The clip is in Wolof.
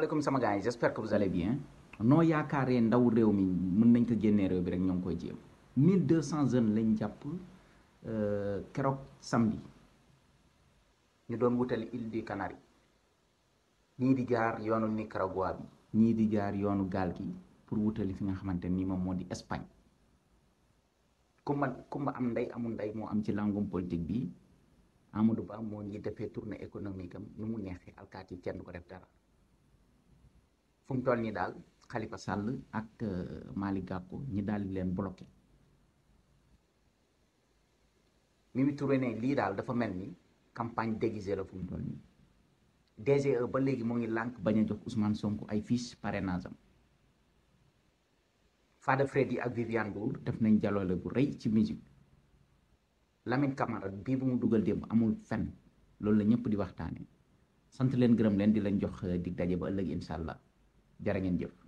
asalaamaaleykum sama gars yi j'espère que vous allez bien noo yaakaaree ndaw réew mi mën nañ ko génnee réew bi rek ñoo ngi koy jéem 1200 jeunes lañ jàpp euh, keroog samedi ñu doon wutali île des Canaries ñii di jaar yoonu Nicaragua bi ñii di jaar yoonu gaal gi pour wutali fi nga xamante nii moom moo di Espagne kumba kumba am ndey amul ndey moo am ci langum politique bi du Ba moo ñuy defee tourne économique am nu mu neexee alkaati kenn du ko def dara fu mu toll nii daal Khalifa sàll ak euh, Malick Gakou ñi daal di leen bloqué Mimi Touré ne lii daal dafa mel ni campagne déguisée la fu mu toll nii DGE ba léegi moo ngi lànk bañ a jox Ousmane Sonko ay fiches parrainage am Fada Freddy ak Viviane Ndour def nañ jaloole bu rëy ci musique Lamine Camara bii bu mu dugal démb amul fenn loolu la ñëpp di waxtaane sant leen gërëm leen di leen jox euh, dig ba ëllëg incha jërë ngeen jëf